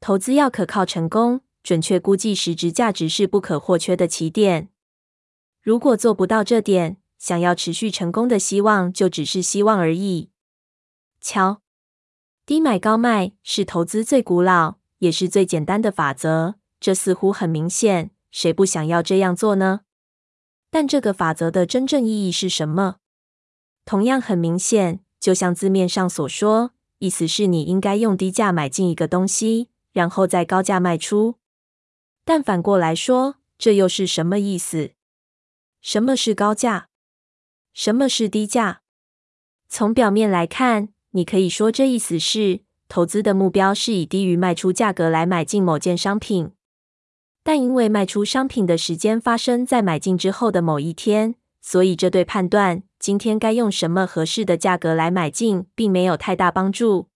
投資要可靠成功，準確估計實質價值是不可或缺的起點。如果做不到這點，想要持續成功的希望就只是希望而已。瞧，低買高賣是投資最古老也是最簡單的法則。這似乎很明顯，誰不想要這樣做呢？但這個法則的真正意義是什麼？同樣很明顯，就像字面上所說，意思是你應該用低價買進一個東西。然後再高價賣出，但反過來說，這又是什麼意思？什麼是高價？什麼是低價？從表面來看，你可以說這意思是投資的目標是以低於賣出價格來買進某件商品，但因為賣出商品的時間發生在買進之後的某一天，所以這對判斷今天該用什麼合適的價格來買進，並沒有太大幫助。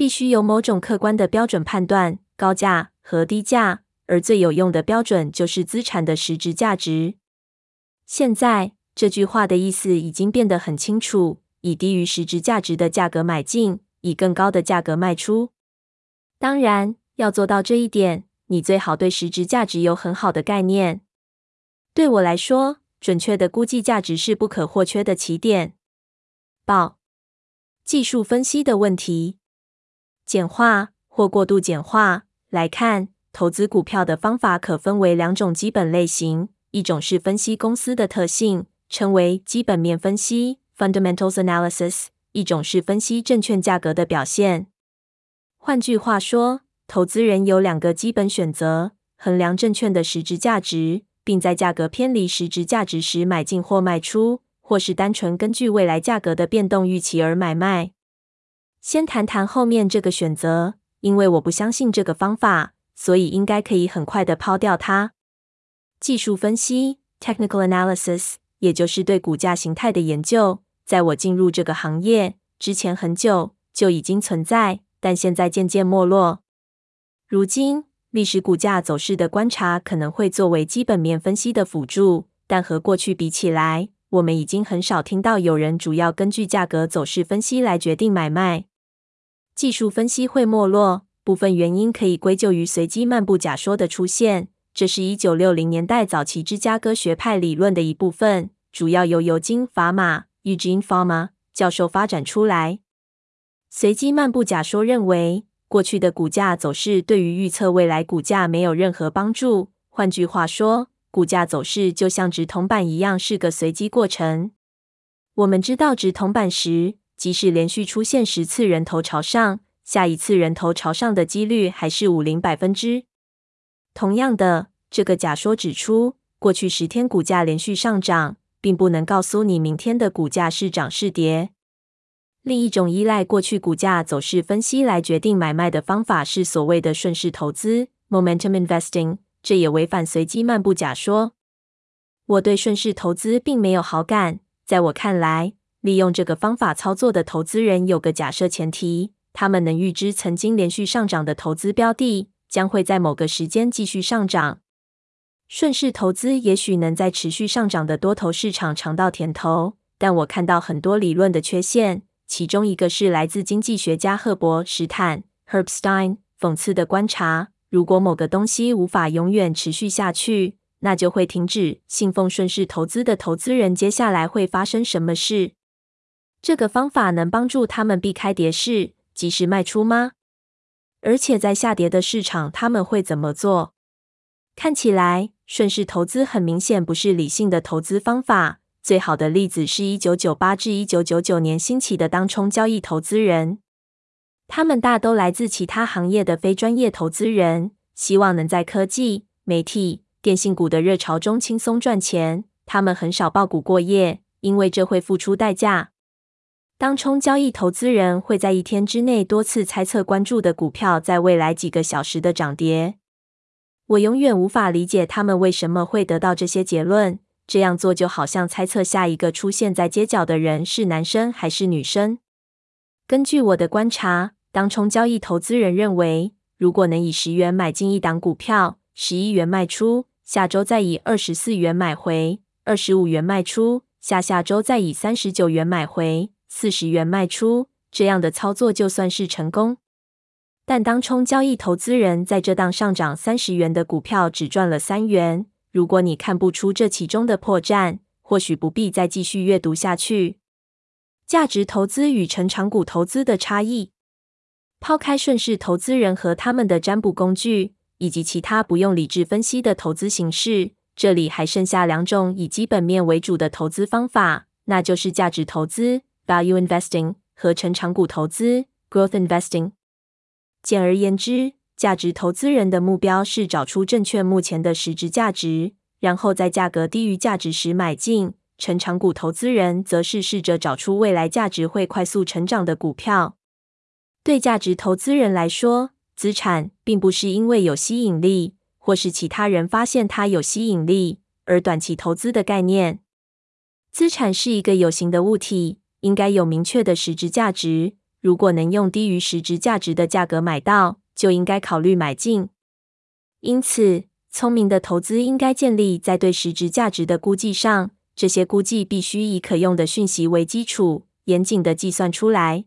必須有某種客觀的標準判斷高價和低價，而最有用的標準就是資產的實質價值。現在這句話的意思已經變得很清楚：以低於實質價值的價格買進，以更高的價格賣出。當然，要做到這一點，你最好對實質價值有很好的概念。對我來說，準確的估計價值是不可或缺的起點。報技術分析的問題。簡化或過度簡化來看，投資股票的方法可分為兩種基本類型：一種是分析公司的特性，稱為基本面分析 （fundamentals analysis）；一種是分析證券價格的表現。換句話說，投資人有兩個基本選擇：衡量證券的實質價值，並在價格偏離實質價值時買進或賣出；或是單純根據未來價格的變動預期而買賣。先談談後面這個選擇，因為我不相信這個方法，所以應該可以很快地拋掉它。技術分析 （technical analysis） 也就是對股價形態的研究，在我進入這個行業之前很久就已經存在，但現在漸漸沒落。如今，歷史股價走勢的觀察可能會作為基本面分析的輔助，但和過去比起來，我們已經很少聽到有人主要根據價格走勢分析來決定買賣。技術分析會沒落，部分原因可以歸咎於隨機漫步假說的出現。這是一九六零年代早期芝加哥學派理論的一部分，主要由尤金法馬·法瑪 （Eugene f a m 教授發展出來。隨機漫步假說認為，過去的股價走勢對於預測未來股價沒有任何幫助。換句話說，股價走勢就像擲銅板一樣，是個隨機過程。我們知道擲銅板時，即使連續出現十次人頭朝上，下一次人頭朝上的幾率還是百分之五十。同樣的，這個假說指出，過去十天股價連續上漲，並不能告訴你明天的股價是漲是跌。另一種依賴過去股價走勢分析來決定買賣的方法是所謂的順勢投資 （momentum investing），這也違反隨機漫步假說。我對順勢投資並沒有好感，在我看來。利用這個方法操作的投資人有個假設前提：他們能預知曾經連續上漲的投資標的將會在某個時間繼續上漲。順勢投資也許能在持續上漲的多頭市場嚐到甜頭，但我看到很多理論的缺陷。其中一個是來自經濟學家赫伯·史坦 （Herb Stein） 諷刺的觀察：如果某個東西無法永遠持續下去，那就會停止。信奉順勢投資的投資人，接下來會發生什麼事？這個方法能幫助他們避開跌勢，及時賣出嗎？而且在下跌的市場，他們會怎麼做？看起來順勢投資很明顯不是理性的投資方法。最好的例子是一九九八至一九九九年興起的當沖交易投資人，他們大都來自其他行業的非專業投資人，希望能在科技、媒體、電信股的熱潮中輕鬆賺錢。他們很少抱股過夜，因為這會付出代價。當沖交易投資人會在一天之內多次猜測關注的股票在未來幾個小時的漲跌。我永遠無法理解他們為什麼會得到這些結論，這樣做就好像猜測下一個出現在街角的人是男生還是女生。根據我的觀察，當沖交易投資人認為，如果能以十元買進一檔股票，十一元賣出，下周再以二十四元買回，二十五元賣出，下下周再以三十九元買回。四十元賣出，這樣的操作就算是成功。但當沖交易投資人在這檔上漲三十元的股票只賺了三元，如果你看不出這其中的破綻，或許不必再繼續閱讀下去。價值投資與成長股投資的差異。拋開順勢投資人和他們的占卜工具以及其他不用理智分析的投資形式，這裡還剩下兩種以基本面為主的投資方法，那就是價值投資。Value investing 和成長股投資 （growth investing）。簡而言之，價值投資人的目標是找出證券目前的實質價值，然後在價格低於價值時買進。成長股投資人則是試着找出未來價值會快速成長的股票。對價值投資人來說，資產並不是因為有吸引力，或是其他人發現它有吸引力而短期投資的概念。資產是一個有形的物體。應該有明確的實質價值。如果能用低於實質價值的價格買到，就應該考慮買進。因此，聰明的投資應該建立在對實質價值的估計上。這些估計必須以可用的訊息為基礎，嚴謹的計算出來。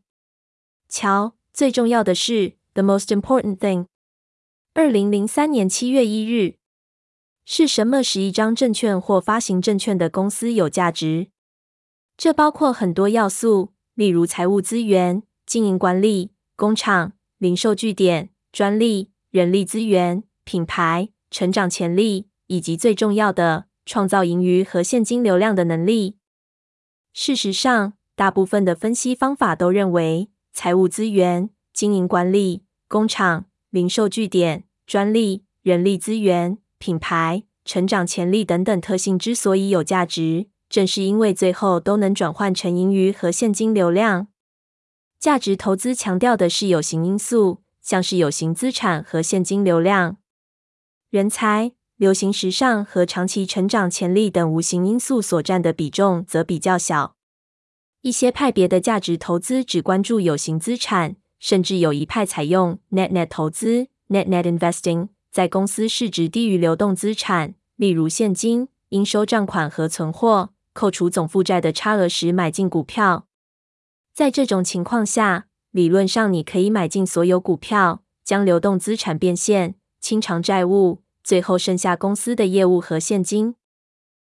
瞧，最重要的是，The most important thing。二零零三年七月一日，是什麼使一張證券或發行證券的公司有價值？這包括很多要素，例如財務資源、經營管理、工廠、零售據點、專利、人力資源、品牌、成長潛力，以及最重要的創造盈餘和現金流量的能力。事實上，大部分的分析方法都認為，財務資源、經營管理、工廠、零售據點、專利、人力資源、品牌、成長潛力等等特性之所以有價值。正是因為最後都能轉換成盈餘和現金流量，價值投資強調的是有形因素，像是有形資產和現金流量，人才、流行時尚和長期成長潛力等無形因素所佔的比重則比較小。一些派別的價值投資只關注有形資產，甚至有一派採用 net net 投資 （net net investing），在公司市值低於流動資產，例如現金、應收賬款和存貨。扣除總負債的差額時，買進股票。在這種情況下，理論上你可以買進所有股票，將流動資產變現，清償債務，最後剩下公司的業務和現金。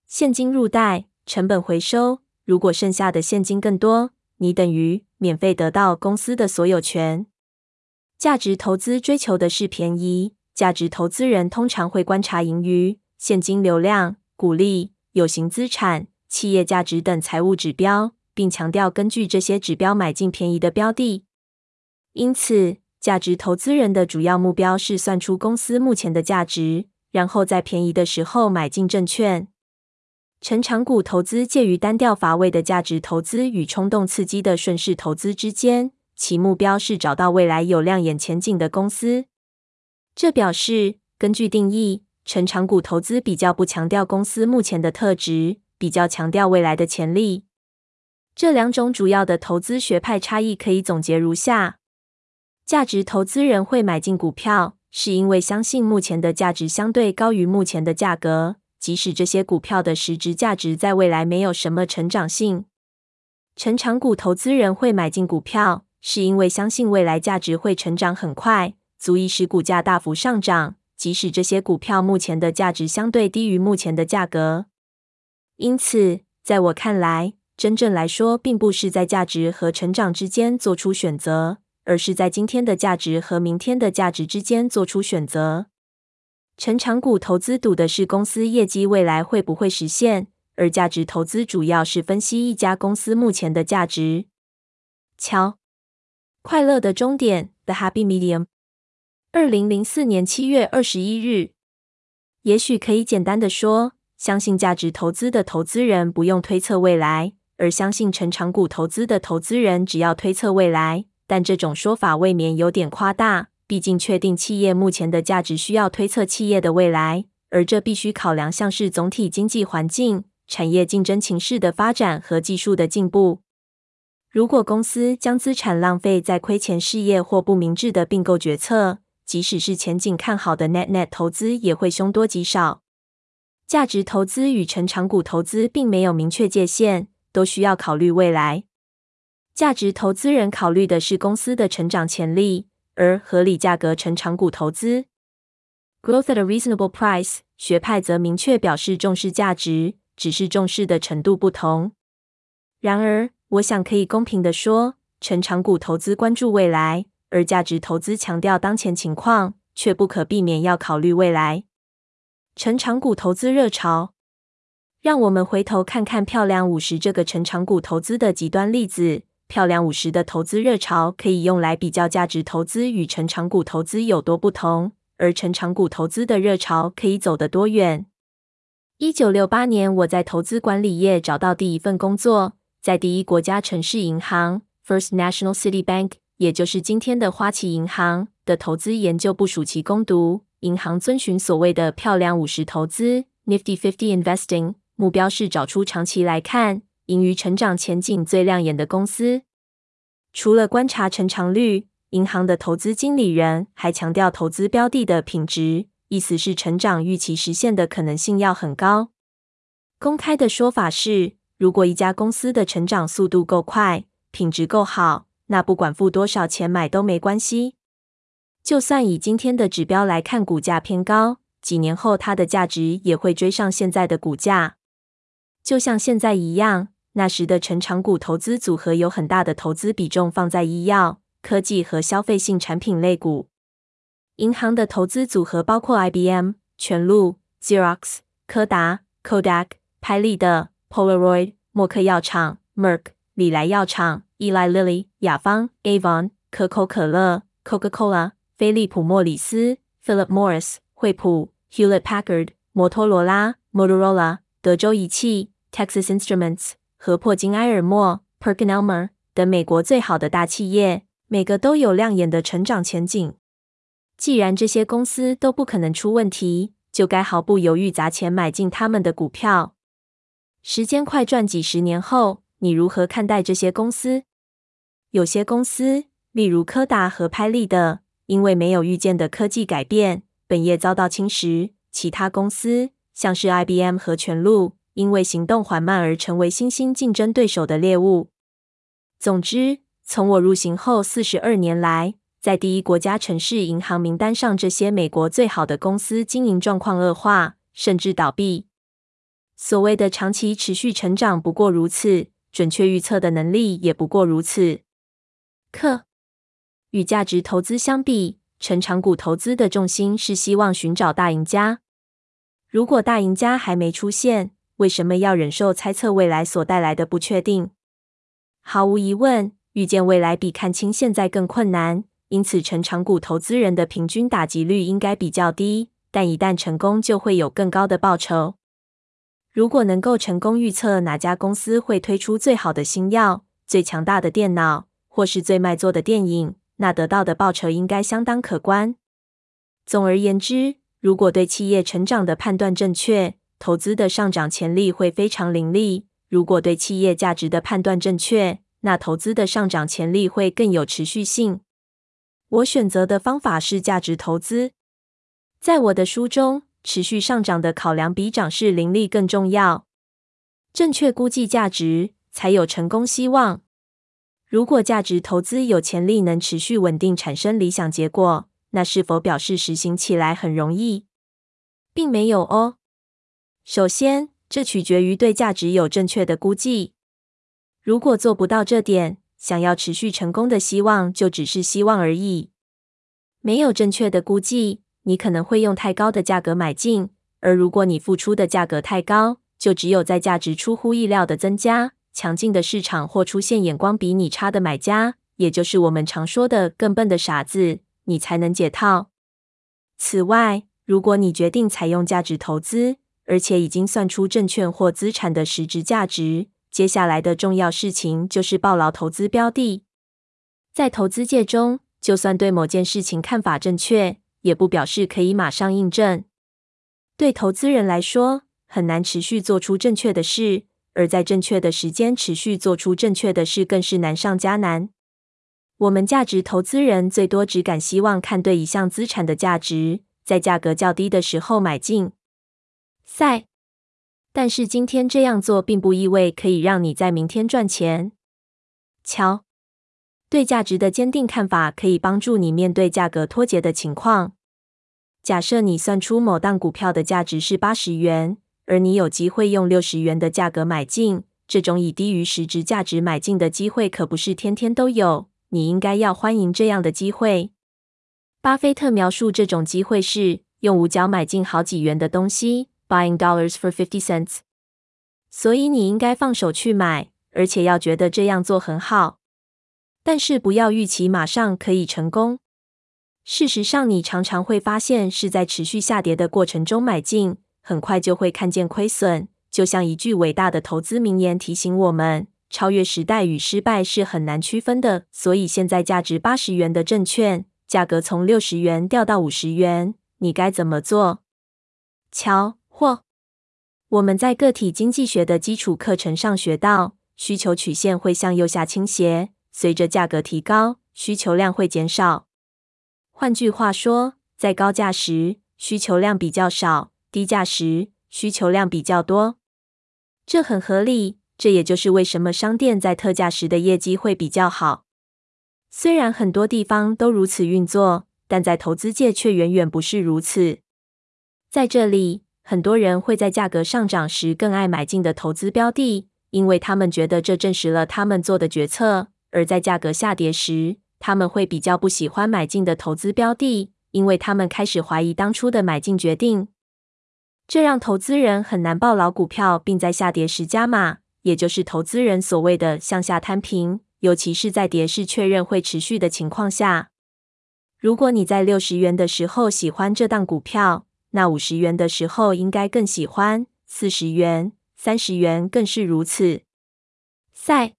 現金入袋，成本回收。如果剩下的現金更多，你等於免費得到公司的所有權。價值投資追求的是便宜。價值投資人通常會觀察盈餘、現金流量、股利、有形資產。企業價值等財務指標，並強調根據這些指標買進便宜的標的。因此，價值投資人的主要目標是算出公司目前的價值，然後在便宜的時候買進證券。成長股投資介於單調乏味的價值投資與衝動刺激的順勢投資之間，其目標是找到未來有亮眼前景的公司。這表示，根據定義，成長股投資比較不強調公司目前的特質。比較強調未來的潛力。這兩種主要的投資學派差異可以總結如下：價值投資人會買進股票，是因為相信目前的價值相對高於目前的價格，即使這些股票的實質價值在未來沒有什麼成長性。成長股投資人會買進股票，是因為相信未來價值會成長很快，足以使股價大幅上漲，即使這些股票目前的價值相對低於目前的價格。因此，在我看來，真正來說，並不是在價值和成長之間做出選擇，而是在今天的價值和明天的價值之間做出選擇。成長股投資賭的是公司業績未來會不會實現，而價值投資主要是分析一家公司目前的價值。瞧，快樂的終點，The Happy Medium，二零零四年七月二十一日。也許可以簡單地說。相信價值投資的投資人不用推測未來，而相信成長股投資的投資人只要推測未來。但這種說法未免有點誇大，畢竟確定企業目前的價值需要推測企業的未來，而這必須考量像是總體經濟環境、產業競爭情勢的發展和技術的進步。如果公司將資產浪費在虧錢事業或不明智的併購決策，即使是前景看好的 net net 投資也會兇多吉少。價值投資與成長股投資並沒有明確界限，都需要考慮未來。價值投資人考慮的是公司的成長潛力，而合理價格成長股投資 （growth at a reasonable price） 學派則明確表示重視價值，只是重視的程度不同。然而，我想可以公平地說，成長股投資關注未來，而價值投資強調當前情況，卻不可避免要考慮未來。成長股投資熱潮，讓我們回頭看看漂亮五十這個成長股投資的極端例子。漂亮五十的投資熱潮可以用來比較價值投資與成長股投資有多不同，而成長股投資的熱潮可以走得多遠。一九六八年，我在投資管理業找到第一份工作，在第一國家城市銀行 （First National City Bank），也就是今天的花旗銀行的投資研究部暑期攻讀。銀行遵循所謂的“漂亮五十投資 ”（Nifty Fifty Investing），目標是找出長期來看盈餘成長前景最亮眼的公司。除了觀察成長率，銀行的投資經理人還強調投資標的的品質，意思是成長預期實現的可能性要很高。公開的說法是，如果一家公司的成長速度夠快，品質夠好，那不管付多少錢買都沒關係。就算以今天的指標來看，股價偏高，幾年後它的價值也會追上現在的股價。就像現在一樣，那時的成長股投資組合有很大的投資比重放在醫藥、科技和消費性產品類股。銀行的投資組合包括 IBM、全錄、Xerox、柯達、Kodak、拍立得、Polaroid、默克藥廠、Merck、禮來藥廠、Eli Lilly、雅芳、Avon、可口可樂、Coca Cola。菲利普莫里斯 （Philip Morris）、惠普 （Hewlett Packard）、摩托羅拉 （Motorola）、德州儀器 （Texas Instruments） 和珀金埃爾默 （PerkinElmer） 等美國最好的大企業，每個都有亮眼的成長前景。既然這些公司都不可能出問題，就該毫不猶豫砸錢買進他們的股票。時間快轉幾十年後，你如何看待這些公司？有些公司，例如柯達和拍立得。因為沒有預見的科技改變，本業遭到侵蝕。其他公司，像是 IBM 和全錄，因為行動緩慢而成為新興競爭對手的獵物。總之，從我入行後四十二年來，在第一國家城市銀行名單上，這些美國最好的公司經營狀況惡化，甚至倒閉。所謂的長期持續成長不過如此，準確預測的能力也不過如此。克。與價值投資相比，成長股投資的重心是希望尋找大贏家。如果大贏家還沒出現，為什麼要忍受猜測未來所帶來的不確定？毫無疑問，預見未來比看清現在更困難。因此，成長股投資人的平均打擊率應該比較低，但一旦成功，就會有更高的報酬。如果能夠成功預測哪家公司會推出最好的新藥、最強大的電腦，或是最賣座的電影，那得到的報酬應該相當可觀。總而言之，如果對企業成長的判斷正確，投資的上漲潛力會非常凌厲；如果對企業價值的判斷正確，那投資的上漲潛力會更有持續性。我選擇的方法是價值投資。在我的書中，持續上漲的考量比漲勢凌厲更重要。正確估計價值才有成功希望。如果價值投資有潛力能持續穩定產生理想結果，那是否表示實行起來很容易？並沒有哦。首先，這取決於對價值有正確的估計。如果做不到這點，想要持續成功的希望就只是希望而已。沒有正確的估計，你可能會用太高的價格買進，而如果你付出的價格太高，就只有在價值出乎意料的增加。強勁的市場或出現眼光比你差的買家，也就是我們常說的更笨的傻子，你才能解套。此外，如果你決定採用價值投資，而且已經算出證券或資產的實質價值，接下來的重要事情就是抱牢投資標的。在投資界中，就算對某件事情看法正確，也不表示可以馬上印證。對投資人來說，很難持續做出正確的事。而在正確的時間持續做出正確的事，更是難上加難。我們價值投資人最多只敢希望看對一項資產的價值，在價格較低的時候買進。塞，但是今天這樣做，並不意味可以讓你在明天賺錢。瞧，對價值的堅定看法，可以幫助你面對價格脫節的情況。假設你算出某檔股票的價值是八十元。而你有機會用六十元的價格買進，這種以低於實質價值買進的機會可不是天天都有。你應該要歡迎這樣的機會。巴菲特描述這種機會是用五角買進好幾元的東西，buying dollars for fifty cents。所以你應該放手去買，而且要覺得這樣做很好，但是不要預期馬上可以成功。事實上，你常常會發現是在持續下跌的過程中買進。很快就會看見虧損，就像一句偉大的投資名言提醒我們：超越時代與失敗是很難區分的。所以，現在價值八十元的證券價格從六十元掉到五十元，你該怎麼做？瞧，或，我們在個體經濟學的基礎課程上學到，需求曲線會向右下傾斜，隨着價格提高，需求量會減少。換句話說，在高價時，需求量比較少。低價時需求量比較多，這很合理。這也就是為什麼商店在特價時的業績會比較好。雖然很多地方都如此運作，但在投資界卻遠遠不是如此。在這裡，很多人會在價格上漲時更愛買進的投資標的，因為他們覺得這證實了他們做的決策；而在價格下跌時，他們會比較不喜歡買進的投資標的，因為他們開始懷疑當初的買進決定。這讓投資人很難抱牢股票，並在下跌時加碼，也就是投資人所謂的向下攤平。尤其是在跌勢確認會持續的情況下，如果你在六十元的時候喜歡這檔股票，那五十元的時候應該更喜歡，四十元、三十元更是如此。塞，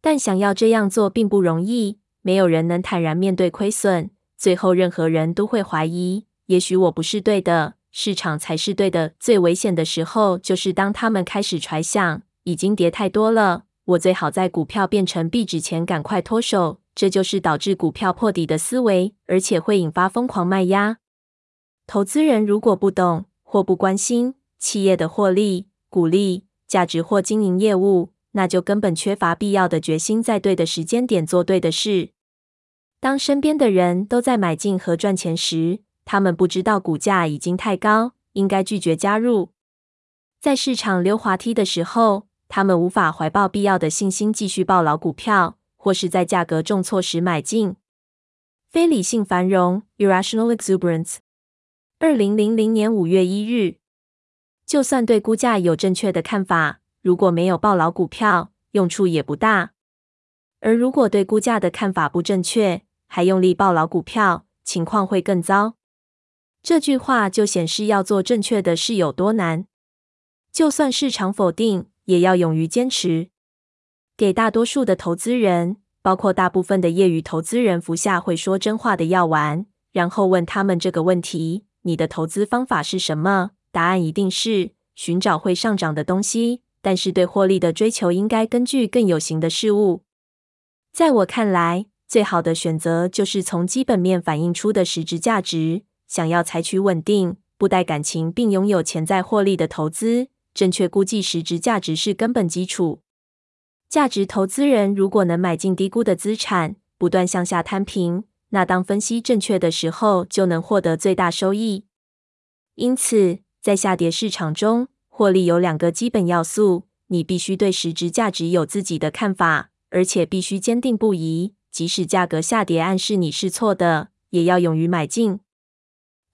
但想要這樣做並不容易，沒有人能坦然面對虧損，最後任何人都會懷疑，也許我不是對的。市場才是對的。最危險的時候，就是當他們開始揣想已經跌太多了，我最好在股票變成壁紙前趕快脫手。這就是導致股票破底的思維，而且會引發瘋狂賣壓。投資人如果不懂或不關心企業的獲利、股利、價值或經營業務，那就根本缺乏必要的決心，在對的時間點做對的事。當身邊的人都在買進和賺錢時，他們不知道股價已經太高，應該拒絕加入。在市場溜滑梯的時候，他們無法懷抱必要的信心繼續抱牢股票，或是在價格重挫時買進。非理性繁榮 （irrational exuberance）。二零零零年五月一日，就算對估價有正確的看法，如果沒有抱牢股票，用處也不大。而如果對估價的看法不正確，還用力抱牢股票，情況會更糟。這句話就顯示要做正確的事有多難。就算市場否定，也要勇於堅持。給大多數的投資人，包括大部分的業餘投資人，服下會說真話的藥丸，然後問他們這個問題：“你的投資方法是什麼？”答案一定是尋找會上漲的東西。但是對獲利的追求應該根據更有形的事物。在我看來，最好的選擇就是從基本面反映出的實質價值。想要採取穩定、不帶感情並擁有潛在獲利的投資，正確估計實質價值是根本基礎。價值投資人如果能買進低估的資產，不斷向下攤平，那當分析正確的時候，就能獲得最大收益。因此，在下跌市場中，獲利有兩個基本要素：你必須對實質價值有自己的看法，而且必須堅定不移。即使價格下跌暗示你是錯的，也要勇於買進。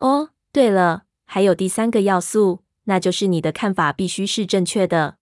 哦，對了，還有第三個要素，那就是你的看法必須是正確的。